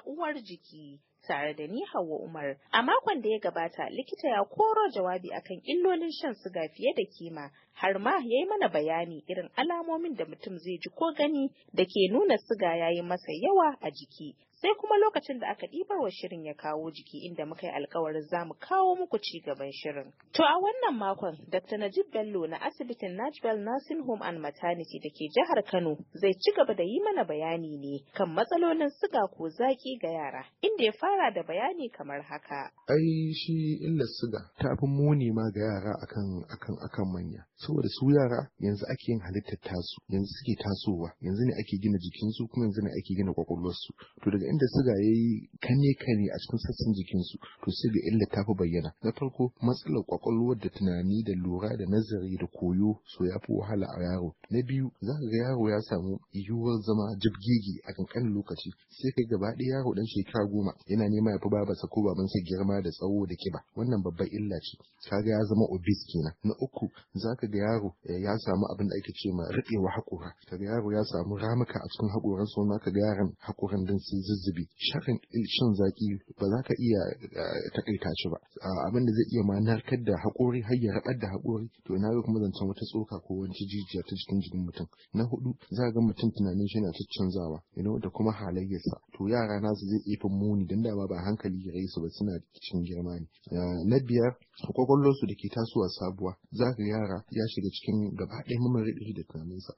uwar jiki. tare da ni Hauwa Umar. A makon da ya gabata likita ya koro jawabi akan illolin shan siga fiye da kima har ma ya yi mana bayani irin alamomin da mutum zai ji ko gani da ke nuna siga ya yi masa yawa a jiki sai kuma lokacin da aka ɗibar wa shirin ya kawo jiki inda muka yi alkawarin za mu kawo muku ci gaban shirin. To a wannan makon Dr. Najib Bello na asibitin Najbel Nursing Home and Maternity da ke jihar Kano zai ci gaba da yi mana bayani ne kan matsalolin suga ko zaki ga yara inda ya fara da bayani kamar haka. Ai shi illa suga ta fi muni ma ga yara akan akan akan manya saboda su yara yanzu ake yin halittar tasu yanzu suke tasowa yanzu ne ake gina jikinsu kuma yanzu ne ake gina kwakwalwarsu to daga inda suga ya yi kane-kane a cikin sassan jikinsu to ga illa ta fi bayyana na farko matsalar kwakwalwar da tunani da lura da nazari da koyo so ya fi wahala a yaro na biyu za ka ga yaro ya samu yiwuwar zama jibgigi a kankanin lokaci sai kai gaba ɗaya yaro dan shekara goma yana nema ya fi babarsa ko babansa girma da tsawo da kiba wannan babbar illa ce kaga ya zama obese kenan na uku za ka ga yaro eh, ya samu abin da ake ce ma hakora haƙora kaga yaro ya samu ramuka a cikin haƙoransa wani ka ga yaran haƙoran din sai zubi shakan shan zaki ba za ka iya eh, takaita shi ba ah, abin da zai iya ma narkar da hakori, har ya rabar da haƙori to na kuma zancen wata tsoka ko wani jijiya ta cikin jikin mutum na hudu za ga mutum tunanin shi na ta canzawa Ina da kuma halayyarsa to yara nasu zai iya muni dan da ba hankali gare su ba suna cikin girma ne ah, na biyar a su da ke tasowa sabuwa za ka yara ya shiga cikin gaba ɗaya mamarin ɗari da tunaninsa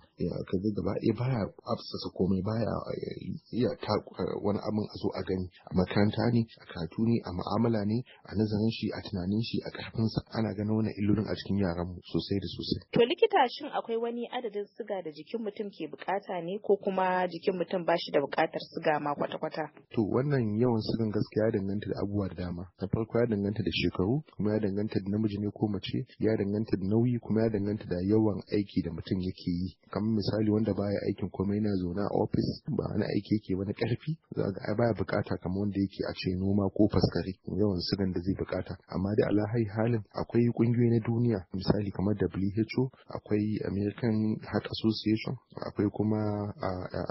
ka ga gaba ɗaya baya absasa komai baya eh, iya eh, wani abin a zo a gani a makaranta ne a karatu ne a ma'amala ne a nazarin shi a tunanin shi a sa ana ganin wani illolin a cikin yaran mu sosai da sosai. To likita shin akwai wani adadin siga da jikin mutum ke bukata ne ko kuma jikin mutum ba shi da bukatar siga ma kwata-kwata? To wannan yawan sigan gaskiya ya danganta da abubuwa da dama. Na farko ya danganta da shekaru kuma ya danganta danganta da namiji ne ko mace ya danganta da nauyi kuma ya danganta da yawan aiki da mutum yake yi kamar misali wanda baya aikin komai yana zaune a ofis ba wani aiki yake wani karfi za ga baya bukata kamar wanda yake a ce noma ko faskare yawan sigan da zai bukata amma dai alahai halin akwai kungiyoyi na duniya misali kamar WHO akwai American Heart Association akwai kuma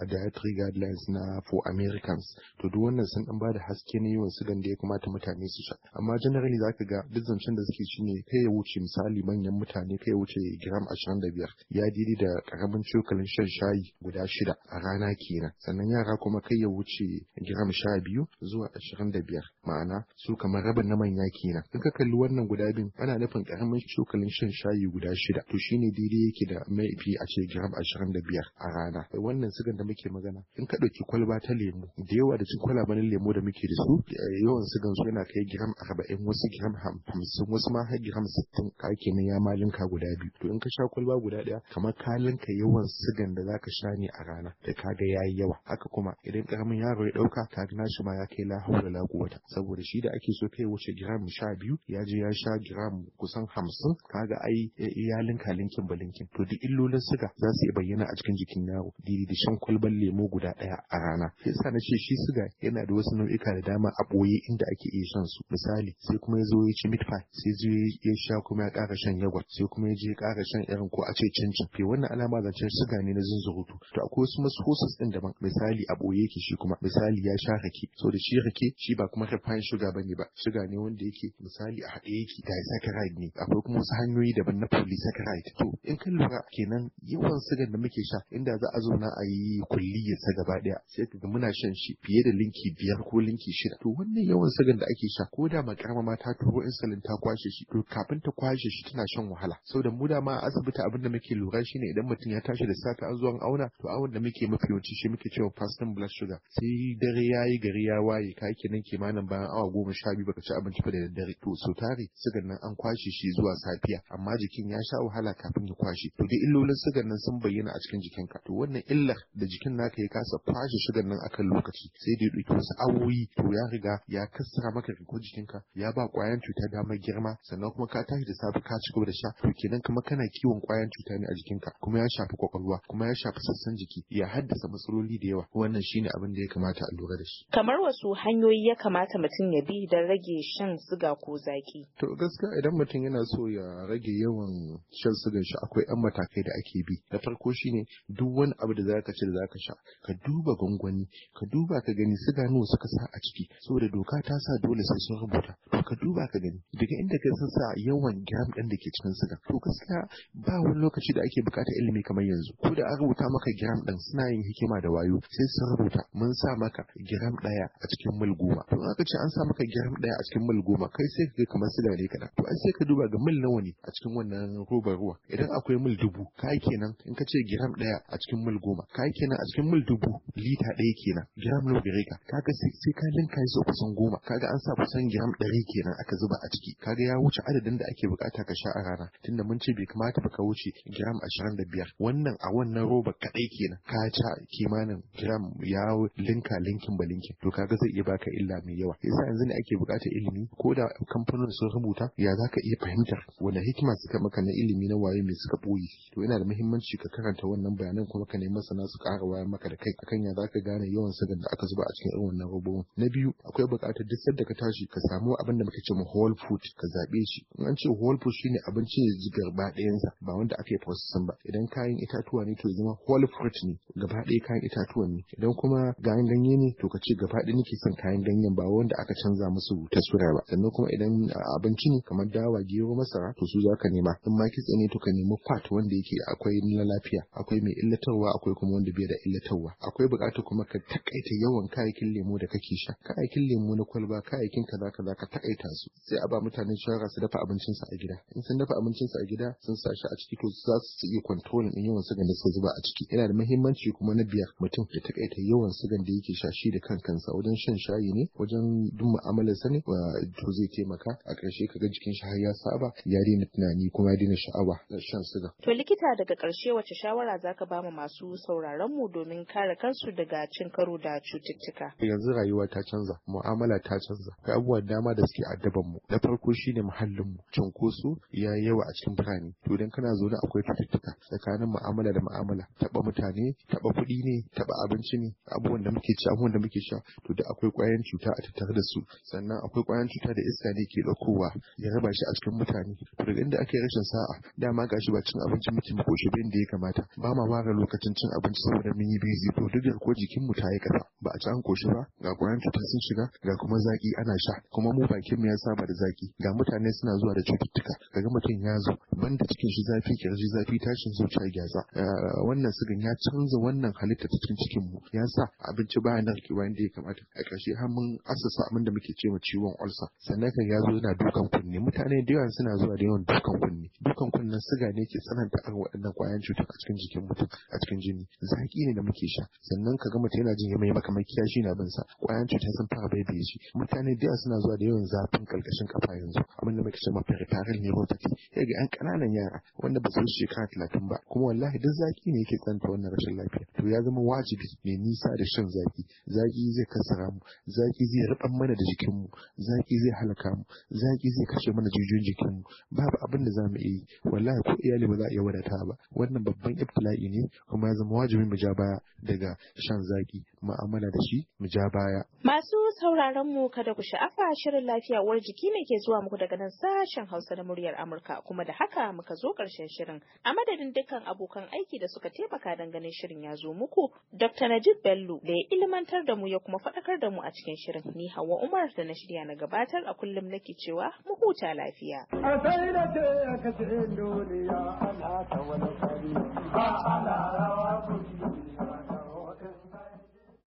a dietary guidelines na for Americans to duk wannan sun dan bada haske ne yawan sigan da ya kamata mutane su sha amma generally zaka ga duk abincin da suke ci ne kai ya wuce misali manyan mutane kai ya wuce gram biyar, ya daidai da karamin cokalin shan shayi guda shida a rana kenan sannan yara kuma kai ya wuce gram biyu zuwa ashirin da biyar. ma'ana su kamar rabin na manya kenan in ka kalli wannan guda biyu, ana nufin karamin cokalin shan shayi guda shida to shine daidai yake da maifi a ce gram ashirin da biyar a rana wannan sigan da muke magana in ka ɗauki kwalba ta lemu da yawa da cikin kwalabanin lemu da muke da su eh, yawan sigan su yana kai gram arba'in wasu gram hamsin wasu ma har gram sittin ka na ya malinka guda biyu to in ka sha kwalba guda ɗaya kamar ka yawan sigan da zaka sha ne a rana da kaga yayi yawa haka kuma idan karamin yaro ya ɗauka kaga nashi ma ya kai la haula la quwwata saboda shi da ake so kai wuce gram sha biyu ya je ya sha gram kusan hamsin kaga ai eh, ya linka linkin ba linkin to duk illolin siga za su iya bayyana a cikin jikin yaro didi da shan kwalban lemo guda ɗaya a rana yasa na ce shi siga yana da wasu nau'ika da dama a boye inda ake iya shan su misali sai kuma ya zo ya ci meat pie sai zo ya sha kuma ya kara shan yogurt sai kuma ya je ya ƙara shan irin ko a ce cincin to wannan alama zancen siga ne na zunzurutu to akwai wasu masu din daban misali a boye yake shi kuma misali ya sha rake so da shi rake shi ba kuma refined sugar bane ba suga ne wanda yake misali a haɗe yake disaccharide ne akwai kuma wasu hanyoyi daban na polysaccharide to in ka lura kenan yawan sugan da muke sha inda za a zo na a yi kulliyar sa gaba ɗaya sai ka muna shan shi fiye da linki biyar ko linki shida to wannan yawan sugan da ake sha ko da makarama ma ta turo insulin ta kwashe shi to kafin ta kwashe shi tana shan wahala saboda mu da ma a asibiti abin da muke lura shine idan mutum ya tashi da sata an zo an auna to awon da muke mafi yawanci shi muke cewa fasting blood sugar sai dare yayi gari ya waye ka kenan kimanin bayan awa goma sha biyu baka ci abinci ba da daddare to so tare sigan nan an kwashe shi zuwa safiya amma jikin ya sha wahala kafin ya kwashe to da illolin sigan nan sun bayyana a cikin jikin ka to wannan illar da jikin naka ya kasa kwashe sugan nan akan lokaci sai da ya ɗauki wasu awoyi to ya riga ya kassara maka jikin ka ya ba kwayan cuta damar girma sannan kuma ka tashi da safe ka ci gaba da sha to kenan kuma kana kiwon kwayan cuta ne a jikin ka kuma ya shafi kwakwalwa kuma ya shafi sassan jiki ya haddasa matsaloli da yawa wannan shine abin da ya kamata a lura da shi kamar wasu hanyoyi ya kamata mutum ya bi don rage shan siga ko zaki. To gaskiya idan mutum yana so ya rage yawan shan sigan shi akwai 'yan matakai da ake bi. Na farko shine duk wani abu da zaka ci da ka sha ka duba gwangwani ka duba ka gani siga nawa suka sa a ciki saboda doka ta sa dole sai sun rubuta to ka duba ka gani daga inda ka san sa yawan gram ɗin da ke cikin siga to gaskiya ba wani lokaci da ake bukatar ilimi kamar yanzu ko da an rubuta maka gram ɗin suna yin hikima da wayo sai sun rubuta mun sa maka gram ɗaya a cikin mil goma to ce an sa maka giram ɗaya a cikin mil goma kai sai ka kamar sila ne kana to ai sai ka duba ga mil nawa ne a cikin wannan robar ruwa idan akwai mil dubu kai kenan in ka ce giram ɗaya a cikin mil goma kai kenan a cikin mil dubu lita ɗaya kenan giram nawa gare ka kaga sai ka linka su kusan goma kaga an sa kusan giram ɗari kenan aka zuba a ciki kaga ya wuce adadin da ake bukata ka sha a rana tunda mun ce bai kamata ba ka wuce giram ashirin da biyar wannan a wannan roba kaɗai kenan ka ca kimanin giram ya linka linkin ba linkin to kaga zai iya baka illa mai yawa yasa yanzu ne ake buƙatar ilimi ko da kamfanin sun rubuta ya za ka iya fahimtar wanda hikima suka maka na ilimi na waye mai suka ɓoye to yana da muhimmanci ka karanta wannan bayanan kuma ka nemi masana su ƙara wayar maka da kai akan ya za ka gane yawan sugan da aka zuba a cikin irin wannan robobin na biyu akwai buƙatar duk sanda ka tashi ka samu abin da muke ce ma whole food ka zaɓe shi in an ce whole food shine abinci ne ji garba ɗayansa ba wanda aka yi processing ba idan kayan itatuwa ne to zama whole fruit ne gaba ɗaya kayan itatuwa ne idan kuma ganyen ganye ne to ka ce gaba ɗaya nake son kayan ganyen ba wanda aka canza musu sura ba sannan kuma idan abinci ne kamar dawa gero masara to su zaka nema in ma kitse ne to ka nemi fat wanda yake akwai na lafiya akwai mai illatarwa akwai kuma wanda bai da illatarwa akwai buƙatar kuma ka takaita yawan kayayyakin lemu da kake sha kayayyakin lemu na kwalba kayayyakin kaza kaza ka takaita su sai a ba mutane shawara su dafa abincin su a gida in sun dafa abincin su a gida sun sa shi a ciki to za su iya control din yawan sugan da suka zuba a ciki yana da muhimmanci kuma na biyar mutum ya takaita yawan sugan da yake sha shi da kan wajen shan shayi ne wajen duk mu'amalar sa ne to zai taimaka a ƙarshe ga jikin shi har ya saba ya daina tunani kuma ya daina sha'awa shan siga. To likita daga ƙarshe wace shawara zaka ba mu masu sauraron mu domin kare kansu daga cin karo da cututtuka? Yanzu rayuwa ta canza, mu'amala ta canza, ga abubuwa dama da suke addaban mu. Na farko shine muhallin mu, cunkoso ya yawa a cikin birane. To idan kana zaune akwai cututtuka tsakanin mu'amala da mu'amala, taɓa mutane, taɓa kuɗi ne, taɓa abinci ne, abubuwan da muke ci, abubuwan da muke sha, to da akwai kwayan cuta a tattare tare da su sannan akwai ƙwayan cuta da iska ne ke ɗaukowa ya raba shi a cikin mutane to daga inda aka yi rashin sa'a dama shi ba cin abinci muke mu shi bayan da ya kamata ba ma ware lokacin cin abinci saboda mun yi bizi to duk da ko jikin mu ta yi kasa ba a ci an koshi ba ga ƙwayan cuta sun shiga ga kuma zaki ana sha kuma mu bakin mu ya saba da zaki ga mutane suna zuwa da cututtuka kaga mutum ya zo banda cikin shi zafi kirji zafi tashin zuciya gyatsa eh, wannan sugan ya canza wannan halitta cikin cikin mu ya sa abinci baya narkewa inda ya kamata a ƙarshe har mun asa ulcer abinda muke ce ma ciwon ulcer sannan kan ya zo yana dukan kunne mutane da yawa suna zuwa da yawan dukan kunne dukan kunnen siga ne ke tsananta a waɗannan ƙwayan cutar a cikin jikin mutum a cikin jini zaƙi ne da muke sha sannan ka ga mutum yana jin yamai maka mai kiyashi na bin sa ƙwayan cutar sun fara baibaye shi mutane da yawa suna zuwa da yawan zafin ƙarƙashin kafa yanzu abinda muke ce ma peripheral neuropathy sai ga 'yan ƙananan yara wanda ba su shekara talatin ba kuma wallahi duk zaƙi ne yake tsananta wannan rashin lafiya to ya zama wajibi mai nisa da shan zaƙi zaƙi zai kasara mu zaƙi zai haɗan mana da jikinmu zaƙi zai halaka mu zaƙi zai kashe mana jijiyoyin jikinmu babu abin da za mu yi wallahi ko iyali ba za a iya wadata ba wannan babban ibtila'i ne kuma ya zama wajibin mu ja baya daga shan zaƙi mu'amala da shi mu ja baya masu sauraron mu kada ku sha'afa shirin lafiya uwar jiki ne ke zuwa muku daga nan sashen Hausa na muryar Amurka kuma da haka muka zo ƙarshen shirin a madadin dukkan abokan aiki da suka taimaka don ganin shirin ya zo muku Dr. Najib Bello da ya ilmantar da mu ya kuma faɗakar da mu a cikin shirin ni hauwa Umar da na shirya na gabatar a kullum nake cewa mu huta lafiya. A sai da ba ana rawa